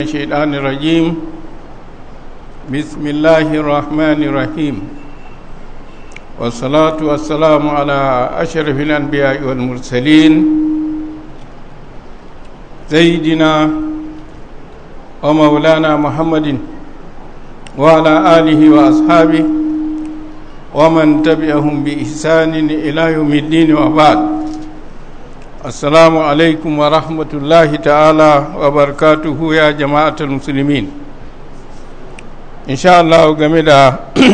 الشيطان الرجيم بسم الله الرحمن الرحيم والصلاة والسلام على أشرف الأنبياء والمرسلين سيدنا ومولانا محمد وعلى آله وأصحابه ومن تبعهم بإحسان إلى يوم الدين وبعد assalamu alaikum wa rahmatullahi ta'ala wa barkatuhu ya musulmi musulmin Allah game da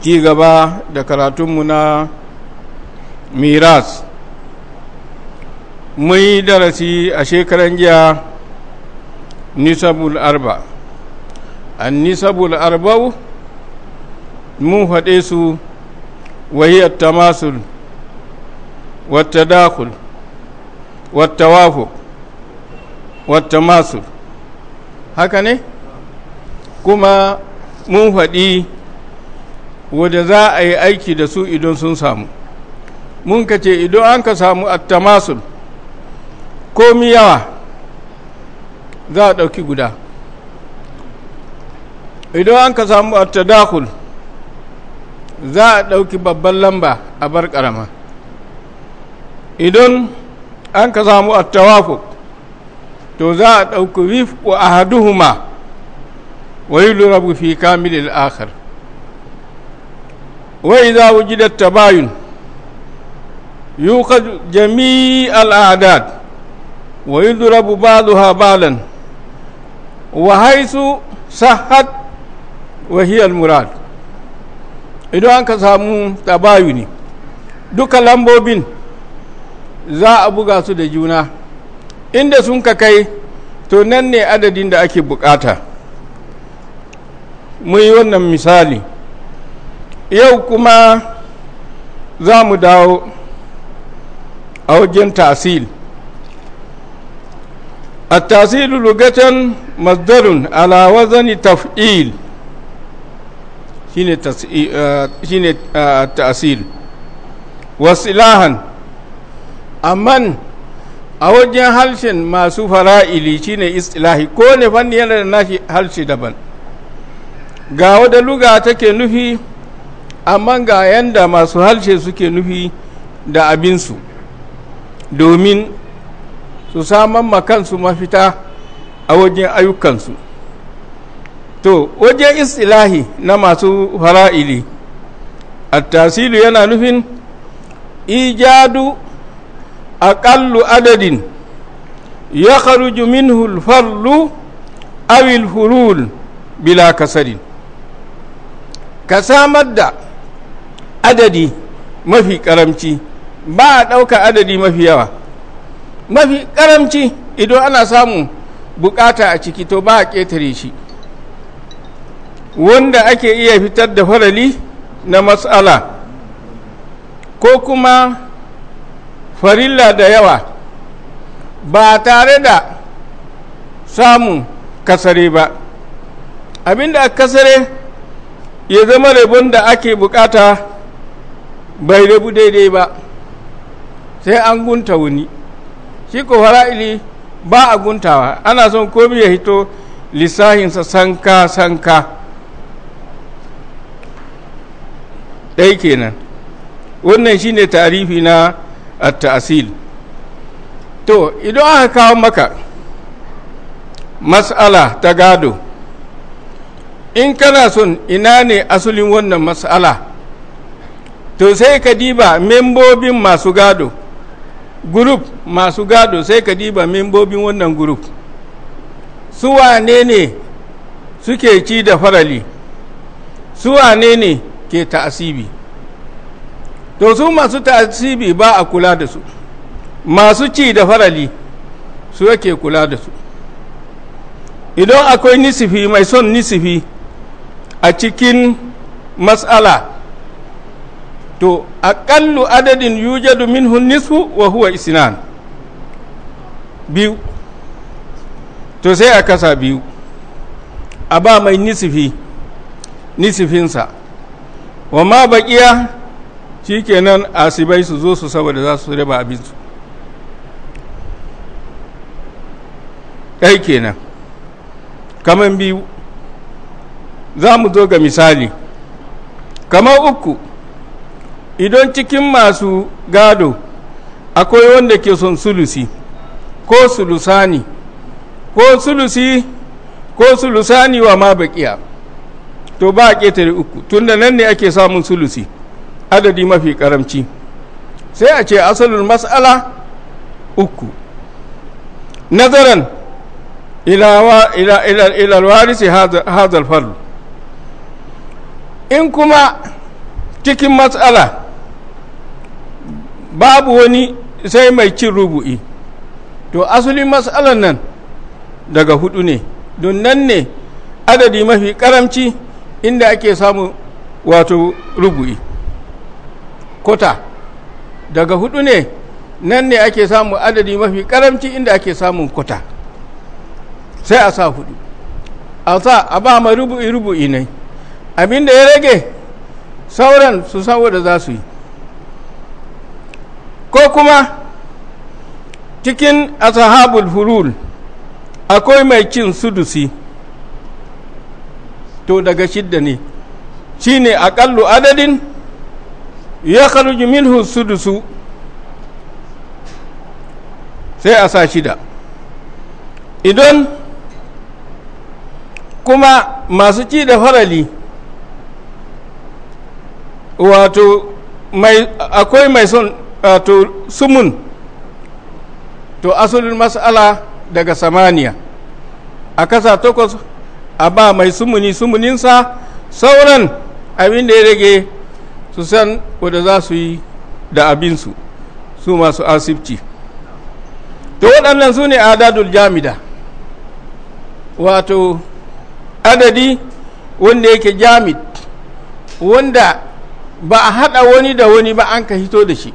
ci gaba da karatunmu na miras mun yi darasi a shekaran jiya nisabul arba an nisabul arba mun faɗe su wayyar tamasul والتداخل والتوافق والتماثل haka ne kuma mun faɗi wadda za a yi aiki da su idan sun samu mun ka ce idan an ka samu attamasul komi yawa za a ɗauki guda idan an ka samu attadakul za a ɗauki babban lamba a bar ƙarama idan an ka samu attawafuk to za a ɗauki rifku a haduhuma wa yi lurabu fi kamilin akhar wai za a gida tabayun yuka jami al'adad wa yi lurabu baluha balan wa haisu sahad wa hiyar murad idan an ka samu tabayuni duka lambobin za a buga su da juna inda sun ka kai to nan ne adadin da ake bukata mu yi wannan misali yau kuma za mu dawo a wajen tasil lugatan mazdarun ala على taf'il shine eh, eh, tasir wasu ilahan. amma a wajen harshen masu fara'ili shi ne istilahi ko ne fanni yana da nashi harshe daban ga wada luga take nufi amma ga yanda masu harshe suke nufi da abinsu domin su saman makansu mafita a wajen ayyukansu to wajen istilahi na masu fara'ili a attasilu yana nufin ijadu aƙallu adadin yaƙa rujumin hul ɓallu awil huruwul bila ka sadin ka samar da adadi mafi ƙaramci ba a ɗauka adadi mafi yawa mafi ƙaramci ido ana samun buƙata a ciki to ba a ƙetare shi wanda ake iya fitar da farali na matsala ko kuma. farilla da yawa ba tare da samun kasare ba abinda aka kasare ya zama rabon da ake bukata bai rabu daidai ba sai an gunta wuni shi ko fara'ili ba a guntawa ana son komi ya hito lissahinsa sanka-sanka ɗai kenan wannan shine tarifi na a tasil to idan aka kawo maka mas'ala ta gado in kana son ina ne asulin wannan mas'ala to sai ka diba membobin masu gado group masu gado sai ka diba membobin wannan group su wane ne suke ci da farali su wane ne ke ta'asibi to su masu tasibi ba a kula da su masu ci da farali su yake kula da su idan akwai nisifi mai son nisifi a cikin matsala to aƙallu adadin yujadu minhu nisfu wa huwa isnan biyu to sai a kasa biyu a ba mai nisifi nisifinsa wa ma baƙiya kenan asibai su zo su saboda za su raba abinsu ɗai kenan kamar biyu za mu zo ga misali kamar uku idan cikin masu gado akwai wanda ke son sulusi ko sulusani ko sulusi ko sulusani wa ma baƙiya to ba a ƙetare uku tunda nan ne ake samun sulusi adadi mafi karamci sai a ce asalin mas'ala uku nazaran ilalwarisi hazal fardu in kuma cikin matsala babu wani sai mai cin rubu'i to asalin matsalan nan daga hudu ne don nan ne adadi mafi karamci inda ake samu wato rubu'i kota daga hudu ne nan ne ake samun adadi mafi karamci inda ake samun kota sai a sa hudu a sa a ba ma rubu'i rubu'i ne abinda ya rage sauran su san da za su yi ko kuma cikin asahabul furul akwai mai cin sudusi to daga shidda ne shi ne aƙallu adadin ya minhu sudusu sai a sa shida idan kuma masu ci da farali wato mai akwai mai son wato sumun to asalin mas'ala daga samaniya a kasa takwas a ba mai sumuni sumuninsa sauran abin da ya rage su san wadda za su yi da abinsu su masu asibci to waɗannan su ne adadul jamida wato adadi wanda yake jamid wanda ba a haɗa wani da wani ba an ka hito da shi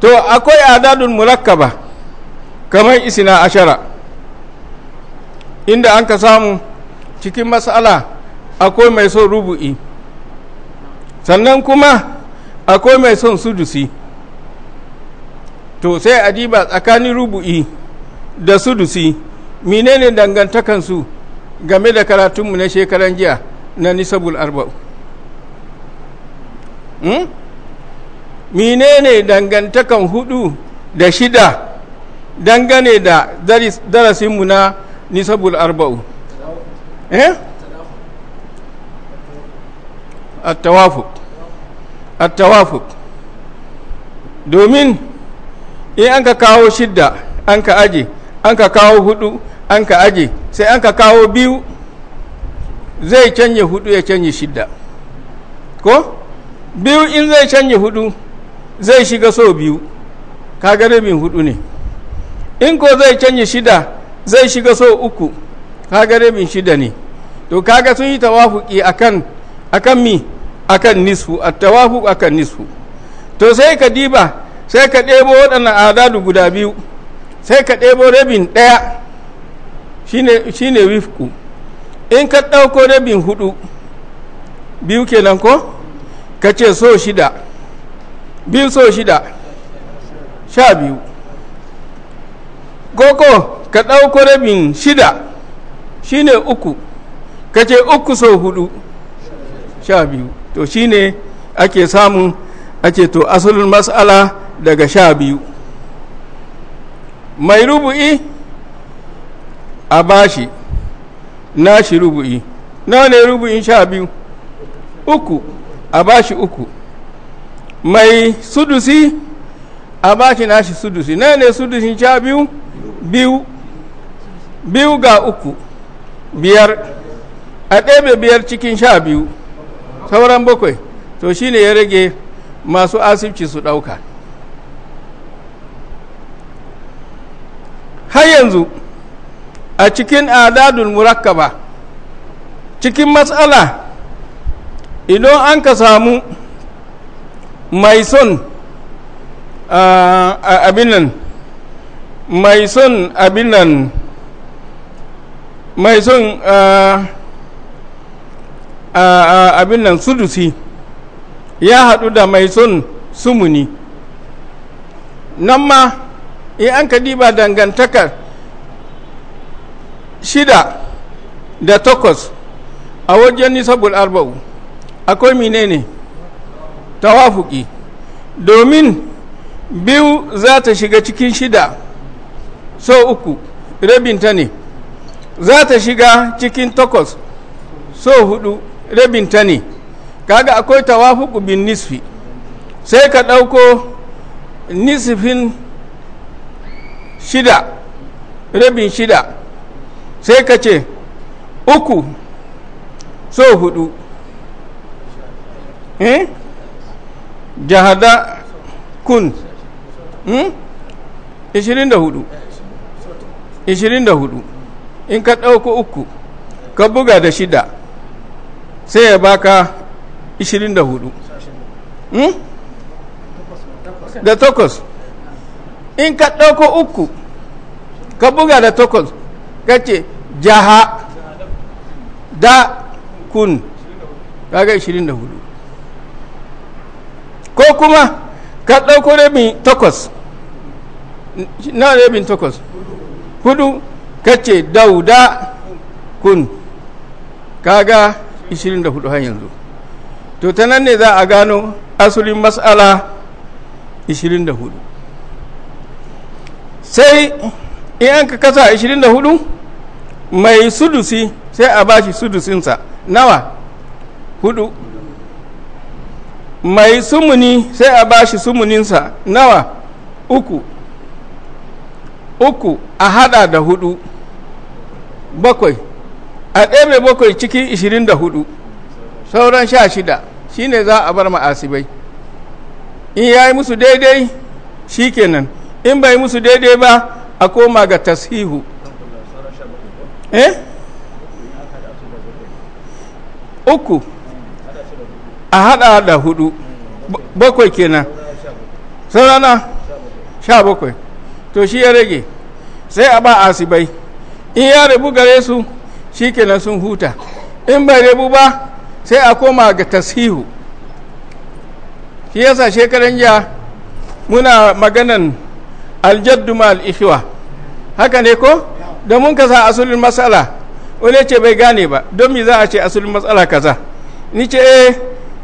to akwai adadul murakkaba kamar isina ashara inda an ka samu cikin matsala akwai mai son rubu'i sannan kuma akwai mai son sudusi to sai a diba tsakanin rubu'i da sudusi menene dangantakansu game da karatunmu na shekaran jiya na nisabul arba'u hmm? menene dangantakan hudu da shida dangane da darasinmu na nisabul arba'u eh? attawafuk attawafuk domin in an ka kawo shidda an ka aje an ka kawo hudu an ka aje sai an ka kawo biyu zai canje hudu ya canje shidda ko biyu in zai canje hudu zai shiga so biyu kaga rabin hudu ne in ko zai canje shida zai shiga so uku kaga rabin shida ne to kaga sun yi tawafuki akan akan mi akan nisfu attawafu akan nisfu to sai ka diba sai ka ɗebo waɗannan adadu guda biyu sai ka ɗebo rabin ɗaya shine wifku in ka ɗauko rabin hudu biyu kenan ko ka ce so shida biyu so shida sha biyu koko ka ɗauko rabin shida shine uku ka ce uku so hudu sha biyu to shine ake samun ake to asalin mas'ala daga sha biyu mai rubu'i a bashi na shi rubu'i na ne rubu'in sha biyu uku a bashi uku mai sudusi a bashi na shi sudusi na ne sudusin sha biyu biyu biyu ga uku biyar a ɗebe biyar cikin sha biyu sauran bakwai to shi ne ya rage masu asibci su ɗauka har yanzu a cikin adadul murakkaba cikin matsala idan an ka samu mai son abin mai son abinan mai son abin nan sudusi ya haɗu da mai son sumuni nan ma in an ka diba dangantakar shida da takwas a wajen nisabul arba'u akwai menene tawafuki domin biyu za ta shiga cikin shida so uku rabinta ne za ta shiga cikin takwas so hudu rabin ta ne kaga akwai tawafuku bin nisfi sai ka ɗauko nisfin shida rabin shida sai ka ce uku so hudu eh? jahada kun hmm? 24 24 in ka ɗauko uku ka buga da shida sai ya baka 24 hmm? da takwas in ka ɗauko uku ka buga da takwas ka ce jaha da kun kaga 24 ko kuma ka ɗauko rabin takwas na rabin takwas hudu ka ce dauda kun kaga 24 har yanzu to ta nan ne za a gano asulin mas'ala 24 sai in an ka kasa 24 mai sudusi sai a ba shi sudusinsa nawa hudu mai sumuni sai a ba shi sumuninsa nawa uku uku a hada da hudu bakwai a ɗebe bakwai ciki ishirin da sauran sha shida shi ne za a bar ma'asibai in ya yi musu daidai shi kenan in bai musu daidai ba a koma ga tashihu eh uku a hada da hudu bakwai kenan sarana sha bakwai to shi ya rage sai a ba asibai in ya rabu gare su shikenan sun huta in bai rabu ba sai a koma ga tasihu shi yasa shekaran jiya muna maganan aljaddu ma al'ishuwa haka ne ko da mun kasa asulin matsala wani ce bai gane ba don mi za a ce asulin matsala kaza ni ce eh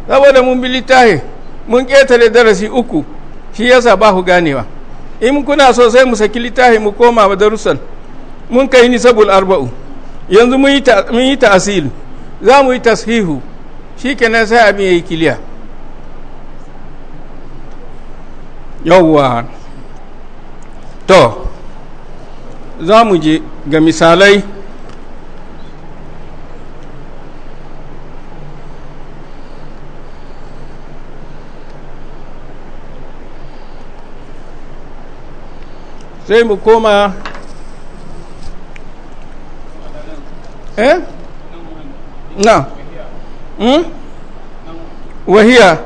saboda mun bi littahi mun ƙetare darasi uku shi yasa ba ku ganewa in kuna so sai mu saki littahi mu koma darussan mun kai ni arba'u yanzu mun yi ta'asil za mu yi tashihu shi sai abin ya yi kiliya yawwa to za mu je ga misalai sai mu koma eh na hmm wahiya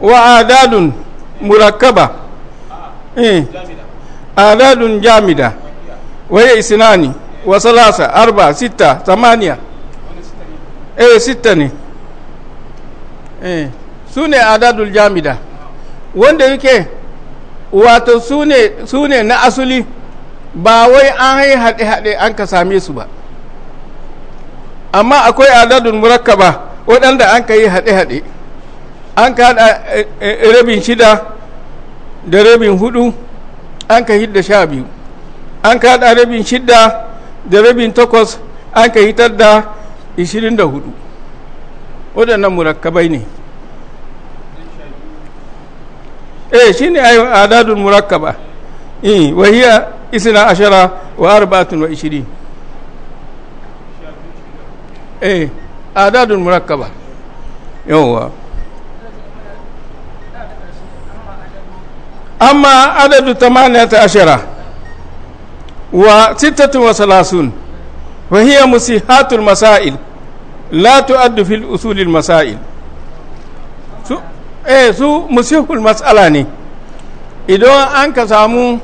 wa adadun murakkaba eh adadun jamida wahiya isnani wa salasa arba sita tamaniya eh sita ne eh su ne adadul jamida wanda yake wato su ne na asuli ba wai an yi haɗe-haɗe an ka same su ba amma akwai adadin murakkaba waɗanda an ka yi haɗe-haɗe an ka haɗa eh, eh, eh, rabin shida da rabin hudu an ka hidda sha biyu an ka haɗa rabin shida da rabin takwas an ka hitar da ishirin da hudu waɗannan murakkabai ne eh shi ne adadin murakkaba eh wahiya اثنا عشر وأربعة وعشرين إيه أعداد مركبة يوه أما عدد ثمانية عشر وستة وثلاثون وهي مسيحات المسائل لا تؤد في الأصول المسائل سو eh مسيح المسألة matsala ne idan an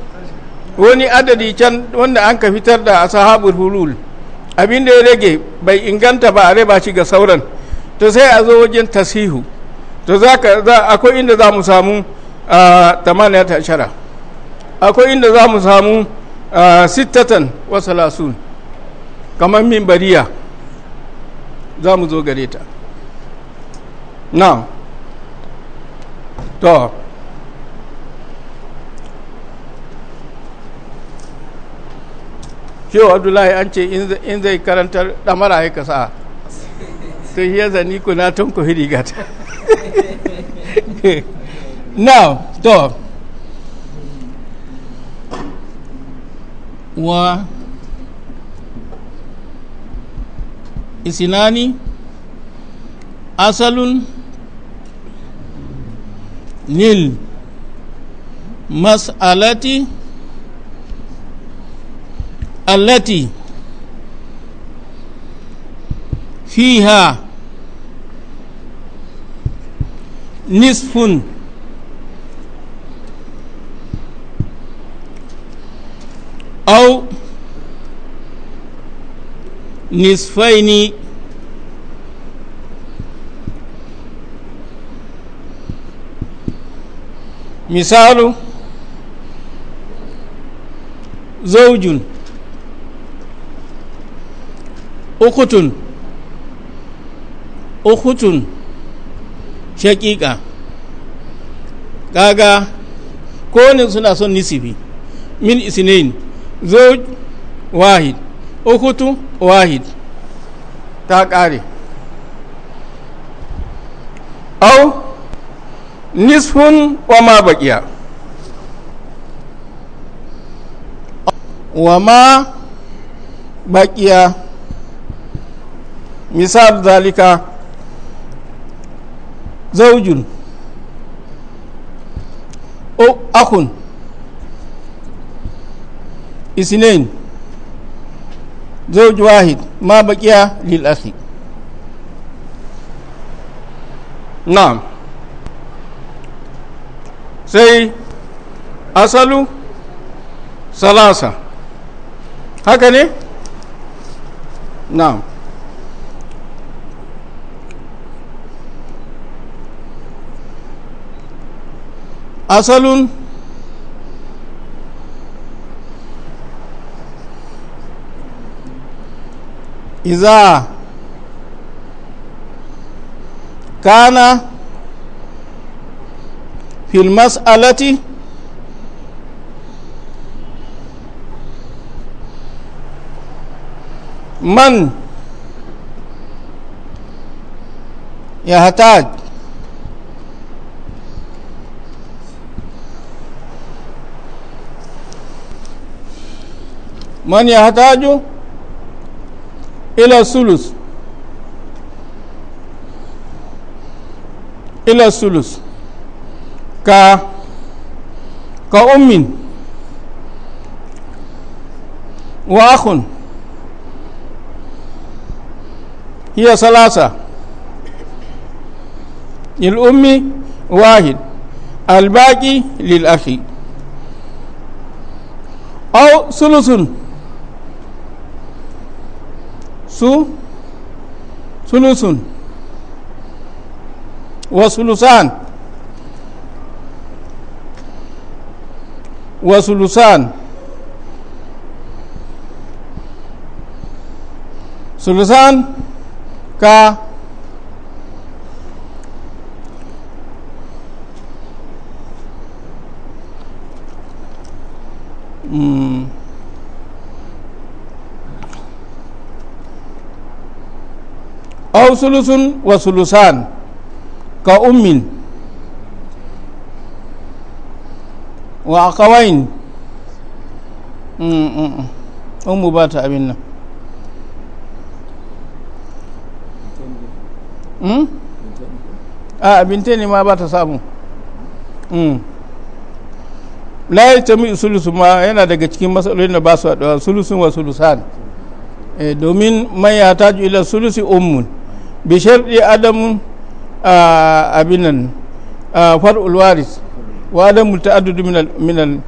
wani adadi can wanda an ka fitar da ashabul hulul abin da ya rage bai inganta ba a raba shi ga sauran to sai a zo wajen tasihu to za za akwai inda za mu samu ta shara akwai inda za mu samu sittatan wasu lasun kamar min bariya za mu zo gare ta na to cewa abdullahi an ce in zai karantar ɗamara ya kasa to shi ya ni ku na tun ku hiri gata now to wa isinani asalun nil mas'alati التي فيها نصف أو نصفين مثال زوج ukutun ukutun shaƙiƙa kaga kowane suna son nisibi min isnain zoj wahid ukutu wahid ta ƙare au nisfun wa ma baƙiya wa ma baƙiya مثال ذلك زوج أو أخ اثنين زوج واحد ما بقي للأخ نعم سي أصل ثلاثة هكذا نعم أصل إذا كان في المسألة من يحتاج man ya hataju ila sulus ila sulus ka ka ummin wa للأم واحد الباقي للأخي أو ثلث su sulusun wa sulusan wa sulusan sulusan ka aw sulusun wa sulusan ka ummin wa akawain mm, mm, mm. ummu ba ta abin nan hmm? a ah, abin ne ma ba ta samu hmm. la ta tami sulusu ma yana daga cikin matsalolin da ba su haɗuwa sulusun wa sulusan eh, domin mai ya taju ila sulusi ummun bishar sharɗi adamu abin nan far'ul waris wa adamu ta'addudu min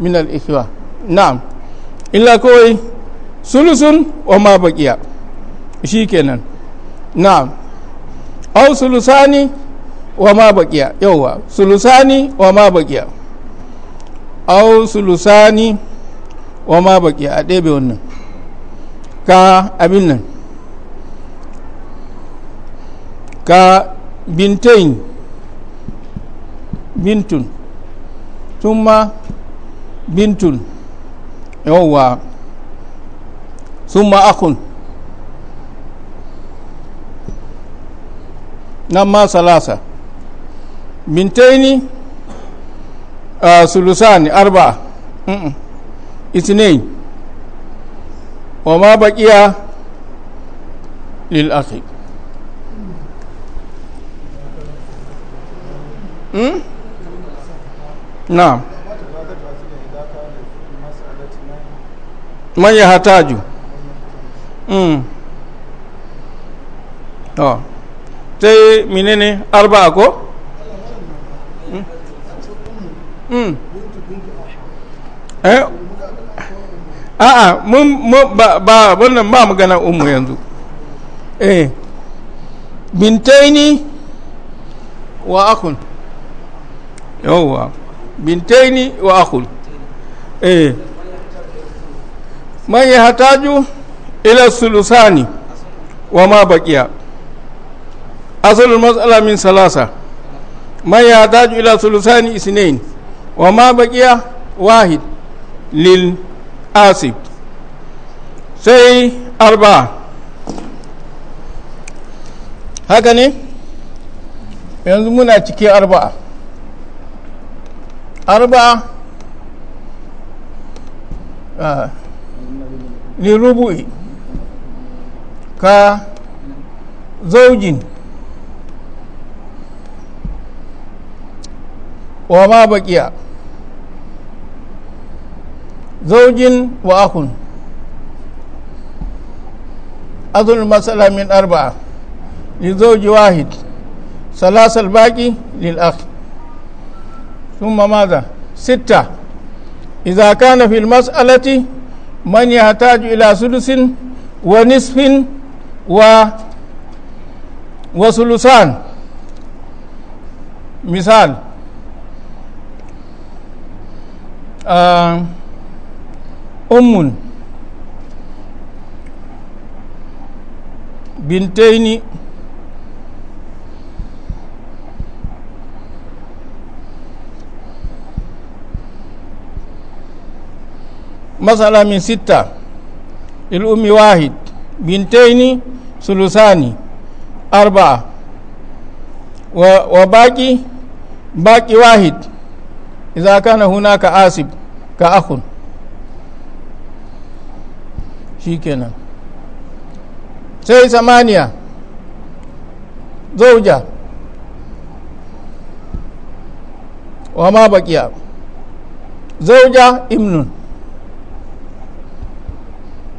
minal ikhwa na'am illa kawai sulusun wa ma baqiya shikenan na'am aw sulusani wa ma baqiya yawa sulusani wa ma baqiya aw sulusani wa ma baqiya a ɗebe wannan ka abin nan ka bintain bintun summa bintun yawwa summa akun nan ma salasa bintaini uh, sulusani arba mm -mm. wa ma baqiya lil Hmm? na'am man ya hataju hmm. to sai minene arba ko hmm? eh? a'a ah, ah, mun ba wannan ba magana umu yanzu eh bintaini wa akun yawwa bintaini wa akul eh man yahtaju ila sulusani wa ma baqiya asalul mas'ala min salasa man yahtaju ila sulusani isnain wa ma baqiya wahid lil asib sai arba haka ne yanzu muna cikin arba'a arba lirubu'i ka zaujin wa ma baƙiya zaujin wa akun azul matsala لزوج واحد ثلاث الباقي للأخ ثم ماذا ستة إذا كان في المسألة من يحتاج إلى ثلث ونصف و وثلثان مثال آه، أم بنتين masala min sita ilumi wahid min taini sulusani arba wa baki baki wahid iza kana hunaka asib ka akhun kenan sai samaniya zauja wa ma bakiya zauja imnun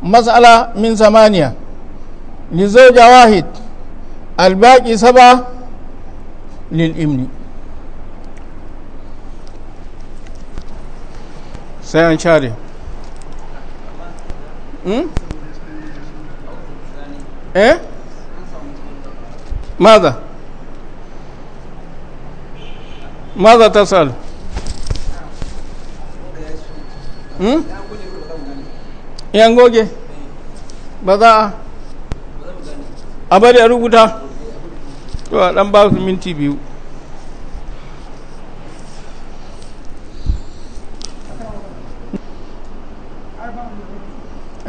مسألة من ثمانية لزوجة واحد الباقي سبعة للإبن سيان شاري ايه ماذا ماذا تسأل؟ أم yan goge ba za a bari a rubuta to a dan ba minti biyu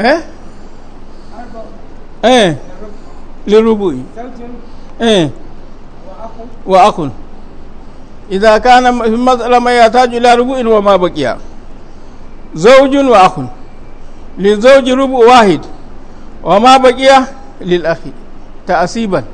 eh eh lirubu eh wa akun idza kana fi matsala mai ya taju ila rubu'in wa ma baqiya zawjun wa akun lizauji rubu wahid wa ma baqiya lil akhi ta'siban